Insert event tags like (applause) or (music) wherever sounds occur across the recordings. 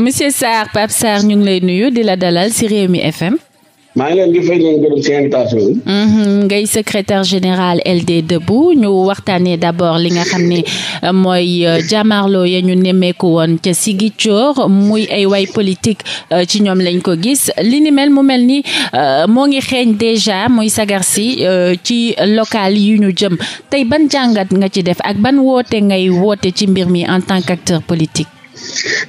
monsieur Sarr Pape Sarr ñu ngi lay nuyu di la dalal ci Rewmi FM. maa ngi leen di fay leen mhm, ngay secrétaire général LD Debout ñu waxtaanee d'abord li nga xam ne euh, mooy euh, jàmmaarloo ya ñu nemmeeku woon ca Ziguinchor muy ay way politique euh, ci ñoom lañ ko gis li ni mel mu mel ni moo ngi xeeñ déjà muy sagar si ci local yu ñu jëm tey ban jàngat nga ci def ak ban woote ngay woote ci mbir mi en tant qu'acteur politique.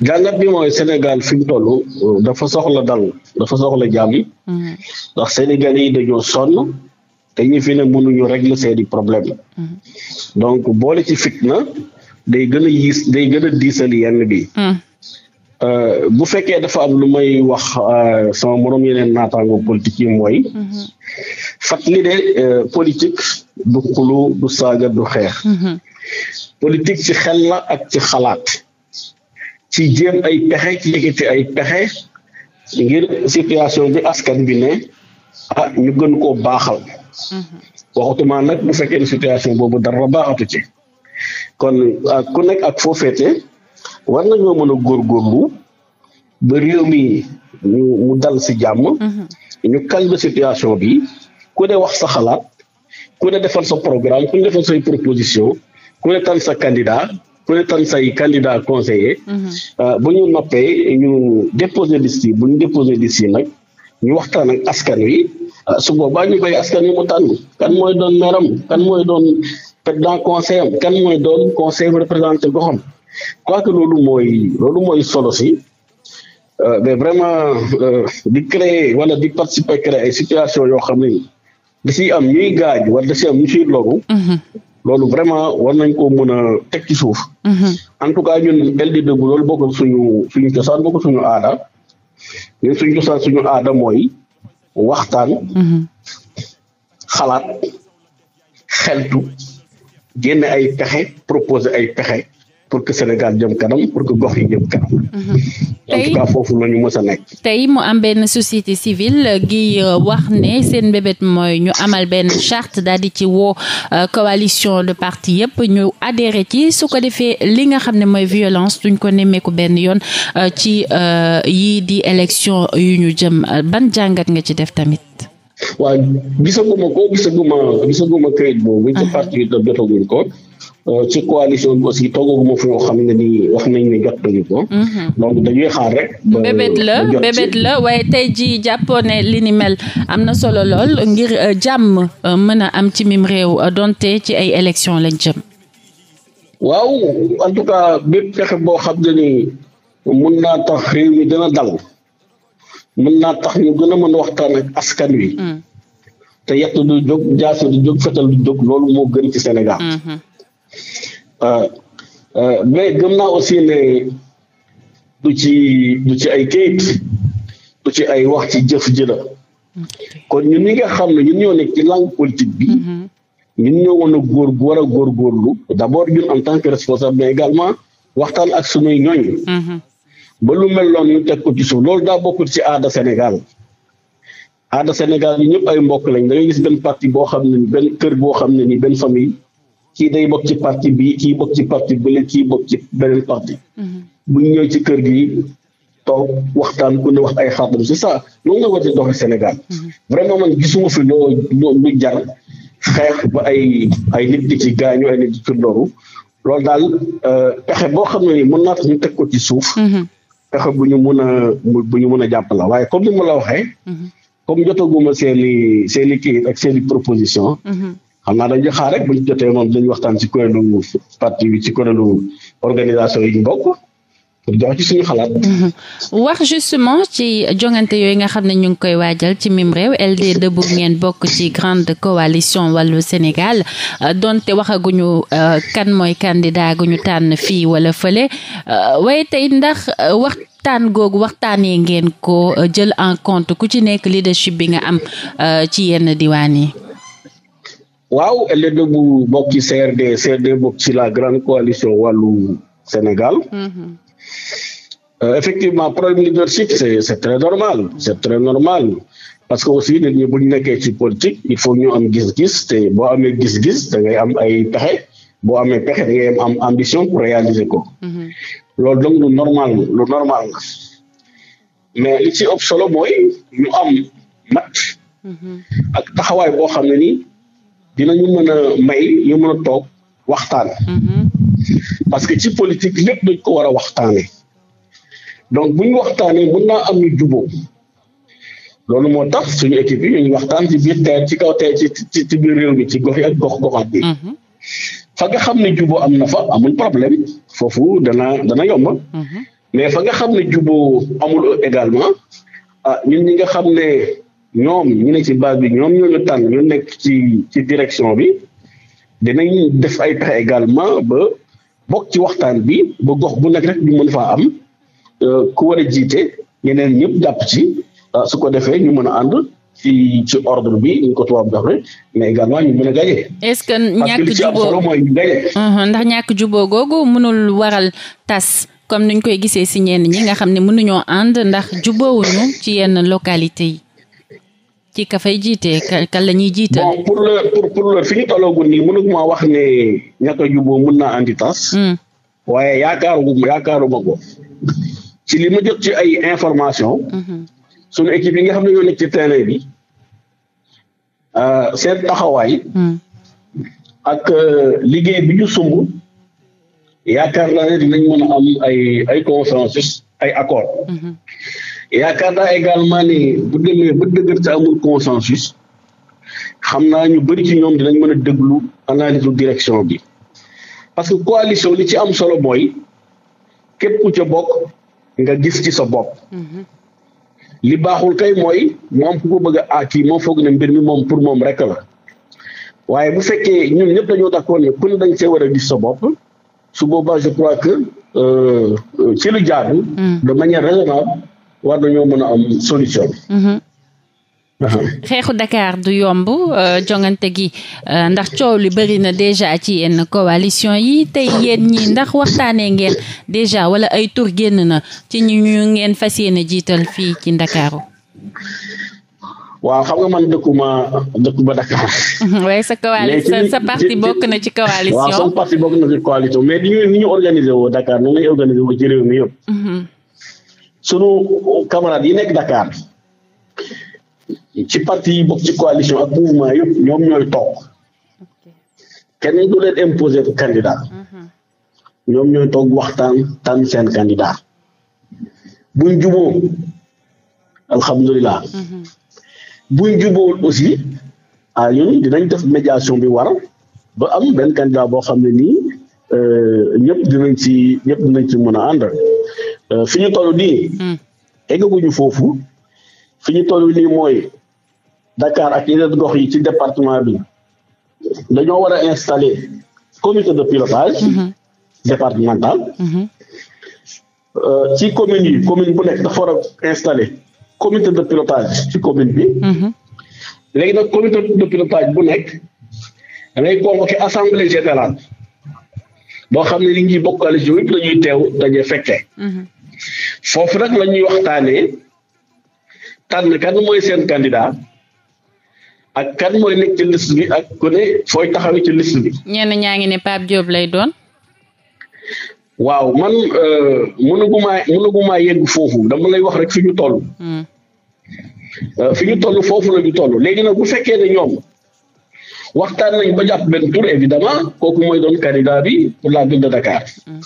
jàngat bi mooy Sénégal fi mu toll dafa soxla dal dafa soxla jàmm mm-hmm. ndax Sénégal yi dañoo sonn te ñu fi ne mënuñu régler seeni problème mm-hmm. donc boole ci fitna day gën yiis day gën a diisal yenn bi mm-hmm. euh, bu fekkee dafa am lu may wax euh, sama moroom yeneen naataango politique yi mooy fàttali ne euh, politique du xulu du saaga du xeex politique ci xel la ak ci xalaat ci jéem ay pexe ci ay pexe ngir situation bi askan bi ne ah ñu gën koo baaxal mm-hmm. waxatuma nag bu fekkee ne situation boobu dara baaxatu ci kon ah, ku nekk ak foo féete war nañoo mën a góorgóorlu ba réew mi ñu mu dal si jàmm mm-hmm. ñu calme situation bi ku ne wax sa xalaat ku ne defal sa programme ku ne defal say proposition ku ne tànn sa candidat prétendre say candidat conseiller mhm. euh, bu ñu noppee ñu déposer liste yi bu ñu déposer liste yi nag ñu waxtaan ak askan wi euh, su boobaa ñu bay askan wi mu tàng kan mooy doon meram kan mooy doon président conseil am kan mooy doon conseil représenté goxam quoi que loolu mooy loolu mooy solo si de euh, vraiment di créer wala di participer créer ay situation yoo xam ne da am ñuy gaañ wala da am ñu siy loru mhm. loolu vraiment war nañ ko mën a teg ci suuf. Mhm. en tout cas ñun el di loolu bokk suñu suñu cosaan bokk suñu aada ñun suñu cosaan suñu aada mooy waxtaan. Mhm. xalaat xeltu génne ay pexe proposer ay pexe. pour que Sénégal jëm kanam pour que gox yi jëm kanam. Mhm. tey mu am benn société civile euh, gi euh, wax ne seen mbébét mooy ñu amal benn charte daal di ci woo euh, coalition de partie yëpp ñu adhéré ci su ko defee li nga xam ne mooy violence duñ ko nemmeeku benn yoon ci yii di élection yu ñu jëm ban jàngat nga ci def tamit. waaw gisaguma ko gisaguma gisaguma këyit boobu. ci parti yi jotagul ko. Euh, ci coalition bi aussi toogaguma fu ñoo xam ne nii wax nañu ne jot nañu ko. Mhm. donc dañuy xaar rek. Euh, bébét la waaye tey jii jàppoo ne li ni mel am na solo lool ngir euh, jàmm mën a am ci mim réew donte ci ay élections lañ jëm. waaw en bépp pexe boo xam ne ni mun naa tax réew mi dana dal mun naa tax ñu gën a mën waxtaan ak askan wi. Mhm. te yett du jóg jaase du jóg fetal du jóg loolu moo gën ci Sénégal. Mhm. Euh, euh, mais gëm naa aussi ne du ci du ci ay kayit du ci ay wax ci jëf jëla kon ñun ñi nga xam ne ñun ñoo nekk ci langue politique bi mm-hmm. ñun ñoo war a góor war a góorgóorlu d' abord ñun en tant que responsable mais également waxtaan ak sunuy ñooñ mm-hmm. ba lu mel noonu ñu teg ko ci suuf loolu daa bokkul ci aada Sénégal aada Sénégal yi ñëpp ay mbokk lañ da gis benn parti boo xam ne ni benn kër boo xam ne ni benn famille kii day bokk ci parti bi kii bokk ci parti bële kii bokk ci beneen parti mhm. bu ñu ñëw ci kër gi toog waxtaan ku ne wax ay xaatam c'est ça loolu nga war di doxee Sénégal mhm. vraiment man gisuma fi loo loo lu jar xeex ba ay ay nit di ci gaañu ay nit di loolu daal euh, pexe boo xam ne nii mën naa tax ñu teg ko ci suuf mhm. pexe bu ñu mën a bu ñu mën a jàpp la waaye comme ni ma la waxee comme jotaguma seen i seen kii ak seen i proposition xam naa dañuy xaar rek bu ñu jotee moom dañuy waxtaan ci kuréelu parti bi ci kuréelu organisation yi ñu bokk pour ci suñu xalaat. Mhm. wax justement ci jongante yooyu nga xam ne ñu ngi koy waajal ci mim réew LD Debout ngeen bokk ci grande coalition wallu Sénégal euh, donte waxaguñu euh, kan mooy candidat gu ñu tànn fii wala fële euh, waaye tey ndax wax. waxtaan googu waxtaanee ngeen ko jël en compte ku ci nekk leadership bi nga am ci yenn diwaan yi waaw LD bu bokk ci CRD bokk ci la grande coalition walu Sénégal. Mhm. Euh, effectivement problème leadership c'est c'est très normal parce que aussi nit ñi bu nekkee ci politique il faut ñu am gis-gis te boo amee gis-gis da ngay am ay pexe boo amee pexe da ngay am ambition pour réaliser ko. Mhm. loolu donc lu normal lu normal mais li ci ëpp solo mooy ñu am mat. Mhm. taxawaay boo xam ne nii. dinañu mën a may ñu mën a toog waxtaan. Mm-hmm. parce que ci politique lépp dañ ko war a waxtaanee. donc bu ñu waxtaanee mën naa am ñu jubóo loolu moo tax suñu équipe yi ñu waxtaan ci biir tey kaw tey ci ci ci biir réew ci gox ak gox goxaat bi. Mm-hmm. fa xam ne jubo am na fa amul problème foofu dana dana yomb. Mm-hmm. mais fa nga xam ne jubóo amul également ah ñun ñi nga xam ne. ñoom ñu nekk ci base bi ñoom ñoo ñu tànn ñu nekk ci ci direction bi dinañ def ay pexe également ba bokk ci waxtaan bi ba gox bu nekk rek ñu mën faa am euh, ku war a jiite ñeneen ñëpp jàpp ci euh, su ko defee ñu mën a ànd ci ci bi ñu ko tubaab doxee mais également a gañe. est-ce que ñàkk juboo mooy ñu uh-huh, ndax ñàkk juboo googu mënul waral tas comme nuñ koy gisee si ñenn ñi nga xam ne mënuñoo ànd ndax juboowuñu ci yenn localité yi. ci ka jiite kan la ñuy jiital. bon pour le pour le fi ñu tolloogul nii mënuguma wax ne ñàkk a juboo mën naa andi tas. Hmm. waaye yaakaaruma yaakaaruma ko ci li ma jot ci ay information hmm. sunu équipe yi nga xam ne ñoo nekk ci terrain bi euh, seen taxawaay. Hmm. ak euh, liggéey bi ñu sumb yaakaar naa ne dinañ mën a am ay ay consensus ay accord yaakaar naa également ne bu demee ba dëgër te amul consensus xam naa ñu bëri ci ñoom dinañ mën a déglu analyse direction bi parce que coalition li ci am solo mooy képp ku ca bokk nga gis ci sa bopp. Mhm. li baaxul kay mooy moom ku ko bëgg a ah kii moom foog ne mbir mi moom pour moom rek la waaye bu fekkee ñun ñëpp dañoo d'accord ne ku ne dañ see war a gis sa bopp su boobaa je crois que euh, euh, ci lu jaadu. Mm. de manière raisonnable. war nañoo mën a am solution. Mhm. xeexu Dakar du yomb euh, jongante gi euh, ndax coow li bëri na déjà ci yenn coalition yi tey yéen ñi ndax waxtaanee ngeen déjà wala ay tur génn na ci ñu ñu ngeen fas yéene jiital fii ci Ndakaaru waaw xam nga man dëkkuma dëkkuma Dakar. Mhm, waaye sa coalition sa parti sa parti bokk na ci coalition mais ni ñu ni ñu organisé woo Dakar nu ngay ci réew mi yëpp. Mhm. sunu camarades yi nekk Dakar ci parti yi bokk ci coalition ak mouvement yëpp ñoom ñooy toog kenn du leen imposer ko candidat mhm. ñoom ñooy toog waxtaan tànn seen candidat buñ juboo alhamdulilah mhm. buñ jubóowul aussi ah dinañ def médiation bi war ba am benn candidat boo xam ne nii euh, ñëpp dinañ ci ñëpp dinañ ci mën a ànd Euh, fi ñu toll nii. Hmm. eggaguñu foofu fi ñu toll nii mooy Dakar ak yeneen gox yi ci département bi dañoo war a installer comité de pilotage. Hmm. départemental. Hmm. Euh, ci commune yi commune bu nekk dafa war a installer ci commune bi. léegi nag comité de bu nekk dangay convoqué assemblée générale boo xam ne nit ñi bokkale ci yëpp dañuy teew dañuy fekkee. foofu nag la ñuy waxtaanee tànn kan mooy seen candidat ak kan mooy nekk ci liste bi ak ku ne fooy taxawee ci liste bi. ñenn ñaa ngi ne Pape Diop lay doon. waaw man euh, mënagumaa mënagumaa yegg foofu dama lay wax rek fi ñu toll. Hmm. Euh, fi ñu toll foofu la ñu toll léegi nag bu fekkee ne ñoom. waxtaan nañ ba jàpp benn tour évidemment kooku mooy doon candidat bi pour la ville Dakar. Hmm.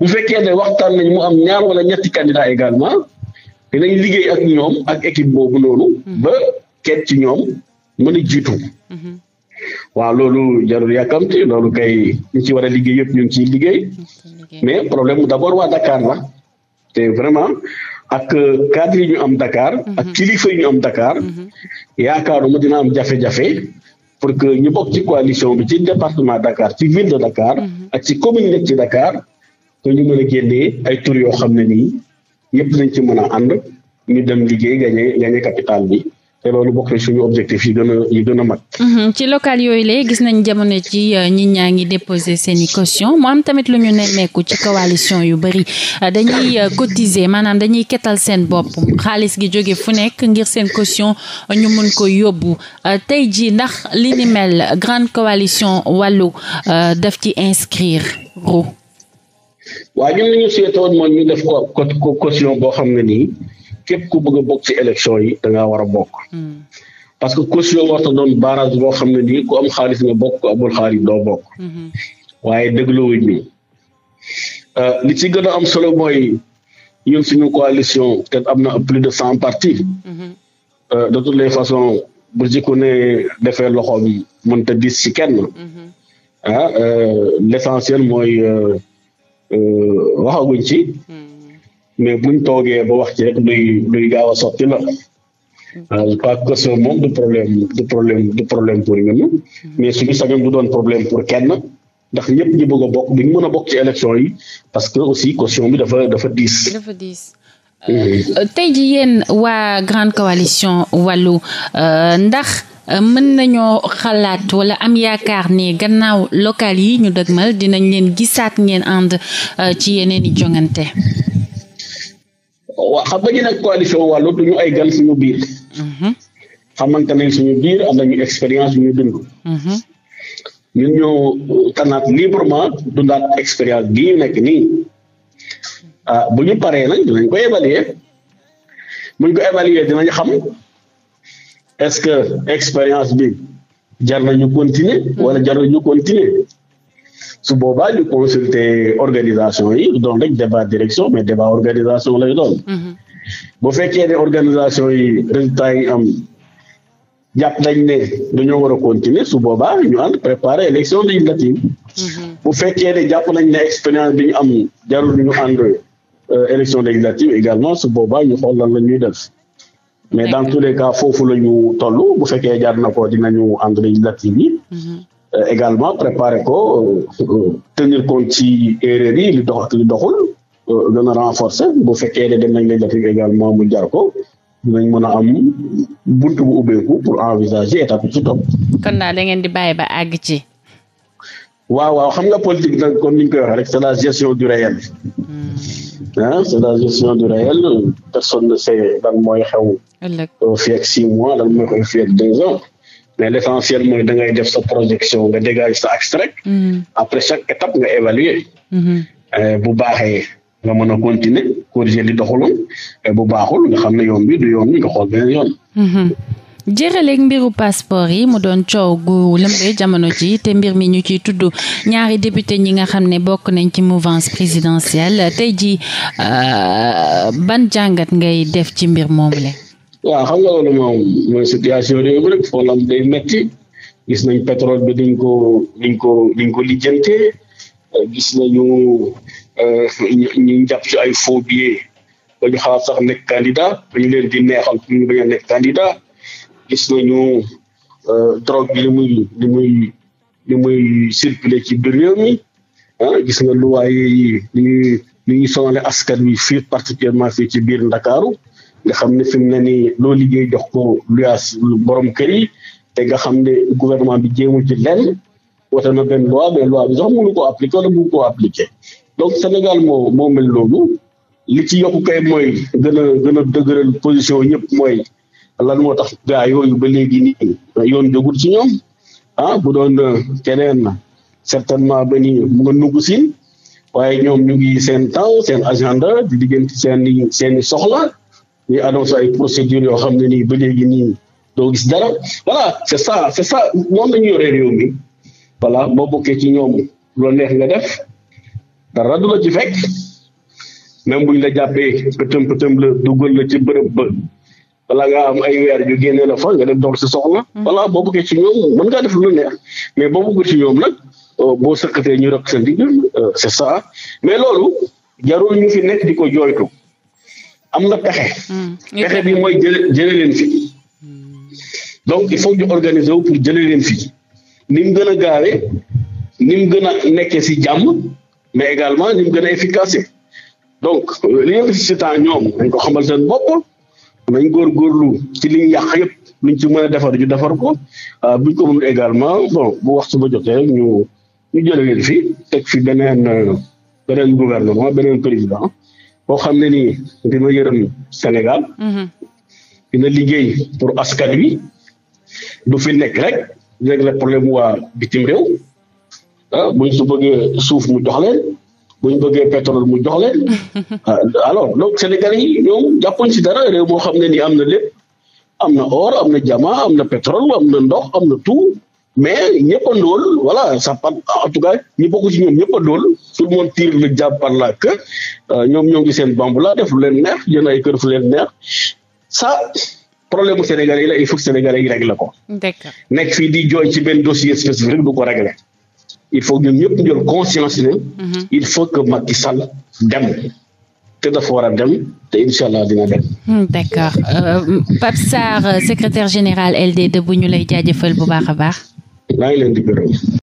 bu fekkee ne waxtaan nañ mu am ñaar wala ñetti candidat également dinañ liggéey ak ñoom ak équipe boobu noonu. Mm-hmm. ba ket ci ñoom man a jiitu. Mm-hmm. waaw loolu jarul yàkkamti loolu kay ñu ci war a liggéey yëpp ñu ngi ciy liggéey. mais problème d' abord waa Dakar la te vraiment ak euh, cadre yi ñu am Dakar. ak mm-hmm. kilifa yi ñu am Dakar. yaakaaruma dina am jafe-jafe. pour que ñu bokk ci coalition bi ci département Dakar ci ville de Dakar. ak ci commune nekk ci Dakar. que ñu mën a génnee ay tur yoo xam ne nii yëpp nañ ci mën a ànd ñu dem liggéey gagné capital bi te loolu bokk na suñu objectif yi gën a yi gën mag. Mhm, ci local yooyu la gis nañ jamono ci ñi euh, ñaa ngi déposé seen i caution mu am tamit lu ñu nekku ci coalition yu bëri euh, dañuy euh, cotiser maanaam dañuy ketal seen bopp xaalis gi jóge fu nekk ngir seen caution ñu mën ko yóbbu tey jii ndax li ni mel grande coalition wàllu def ci inscrire waaye ñun li ñu seetoon mooy ñu def ko ko boo xam ne nii képp ku bëgg a bokk ci élection yi da ngaa war a bokk. Hmm. parce que caution warta doon barrage boo xam ne nii ku am xaalis nga bokk ku amul xaalis doo bokk. Hmm. waaye dégluwuñ ni euh, li ci gën a am solo mooy ñun suñu coalition te am na plus de cent partis. Hmm. Euh, de toutes les façons bu ci ku ne defee loxoom mënta ci kenn. ah euh, l'essentiel mooy. Euh, waxaguñ ci. Hmm. mais buñ toogee ba wax ci rek luy luy gaaw a sotti la. waaw hmm. euh, je crois que question moom du problème du problème du problème pour ñun. Hmm. mais suñu sañoon du doon problème pour kenn. ndax ñëpp ñu bëgg a bokk duñ mën a bokk ci élection yi parce que aussi caution bi dafa dafa diis. dafa diis euh, tey ji yéen waa grande coalition wàllu ndax. Euh, mën nañoo xalaat wala am yaakaar ni gannaaw local yi ñu ma dinañ leen gisaat ngeen ànd euh, ci yeneen i jongante. waaw xam nga ñu nag coalition wàllu du ñu ay gan suñu biir. Mhm. xamante nañ suñu biir expérience mhm. ñu dund. ñun ñoo tànnaat librement dundaat expérience bii ñu nekk nii ah bu ñu paree nag dinañ ko évaluer buñ ko évaluer dinañ xam. est-ce que expérience bi jar na ñu continuer wala jar na ñu continuer su boobaa ñu consulter organisation yi donc rek débat direction mais débat organisation lay doon mm-hmm. bu fekkee ne organisation yi résultat yi am jàpp nañ ne dañoo war a continuer su boobaa ñu ànd préparer élection législative mm-hmm. bu fekkee ne jàpp nañ ne expérience bi ñu am jarul ñu ànd euh, élection législative également su booba ñu xool lan la ñuy def mais dans tous les cas foofu la ñu toll bu fekkee jaar na ko dina dinañu ànd législative yi mhm. euh, également préparer ko euh, tenir compte ci erreur yi li dox li doxul euh, gën a renforcer bu fekkee ne dem nañ législative également mu jar ko dinañ mën a am buntu bu ubbeeku pour envisager étape ci topp. kon daal da ngeen di bàyyi ba àgg ci. waaw waaw xam nga politique nag kon ni ñu koy waxee rek c'est la gestion du réel. Mhm. ah c'est la gestion du réel personne ne sait lan mooy xew. fii ak six mois lan mooy xew fii ak deux ans. mais l'essentiel mooy da ngay def sa projection nga dégager sa extrait. Mm-hmm. après chaque étape nga évaluer. Mm-hmm. Euh, bu baaxee nga mën a continuer corriger li doxuloon bu baaxul nga xam ne yoon bi du yoon bi nga xool beneen yoon. Mm-hmm. jërëleeg mbiru passeport yi mu doon coow gu lëmbee jamono ji te mbir mi ñu ciy tudd ñaari député ñi nga xam ne bokk nañ ci mouvance présidentielle tey ji euh, ban jàngat ngay def ci mbir moomu le waaw xam nga loolu moom mooy situation réew mi rek foolam day metti gis nañ pétrole bi dañ ko dañ ko dañ ko lijjante gis nañu euh, ñu jàpp ci ay faux billets ba sax nekk candidat dañu leen di neexal pour ñu bañ nekk candidat gis nañu euh, drogue bi li muy li muy li muy circuler ci biir réew mi ah gis nga luwaaye yi ni ñuy sonale askan wi fii particulièrement fii ci biir Ndakaaru nga xam ne fi na ni loo liggéey jox ko luyaas borom kër te nga xam ne gouvernement bi jéemu ci lenn wote na benn loi mais loi bi sax mënu ko appliquer wala mënu koo appliquer donc Sénégal moo mel loolu li ci yokk kay mooy gën a gën a dëgëral position ñëpp mooy lan moo tax gaa yooyu ba léegi nii yoon jógul ci ñoom ah bu doon euh, keneen certainement ba ni nga nugg siin waaye ñoom ñu ngi seen temps seen agenda di diggante seen i seen i soxla ñuy ay procédures yoo xam ne nii ba léegi nii doo gis dara voilà c'est ça c'est ça noonu la ñu yoree réew mi voilà boo bokkee ci ñoom lu neex nga def dara du la ci fekk même buñ la jàppee pëtëm pëtëm la duggal la ci bërëb balaa ngaa am ay weer yu génne la fa nga dem dox si soxla. voilà boo bëggee ci ñoom mën ngaa def lu neex mais boo bëggee ci ñoom nag euh, boo sëqatee ñu rek sa digg euh, ça mais loolu jarul ñu fi nekk di ko jooytu am na pexe. Mm-hmm. pexe bi mooy jële jële leen fi mm-hmm. donc il faut ñu organiser wu pour jële leen fi ni mu gën a gaawee ni mu gën a nekkee si jàmm mais également ni gën a efficace donc euh, li ñu ñoom dañ ko xamal seen bopp. nañ góorgóorlu ci liñ yàq yëpp luñ ci mën a defar ñu defar ko ah, buñ ko mënul également bon bu waxtu ba jotee ñu ñu jële leen fi teg fi beneen euh, beneen gouvernement beneen président boo xam ne nii dina yërëm Sénégal mm-hmm. dina liggéey pour askan wi du fi nekk rek régler problème waa bitim réew ah buñ su bëggee suuf mu jox bu ñu bëggee pétrole mu jox leen (laughs) ah, alors donc sénégalais yi ñoom jàppuñ si dara réew moo xam ne ni am na lépp am na or am na jamaa am na pétrole am na ndox am na tout mais ñëpp a ndóol voilà ça part en tout cas ñi bokk ci ñoom ñëpp a ndóol tout le monde tire le diable par la queue euh, ñoom ñoo ngi seen bambu la def leen neex jënd ay kër fu leen neex sa problème mu sénégalais yi la il faut que sénégalais yi réglé ko. d'accord nekk fii di jooy ci benn dossier rek du ko réglé. il faut ñun ñëpp ñu jël conscience ne. Mhm. il faut que Macky Sall dem. te dafa war a dem te incha allah dina dem. Hmm, euh, d' accord euh, général LD Debout ñu lay jaajëfal bu baax a baax. maa ngi leen di gërëm.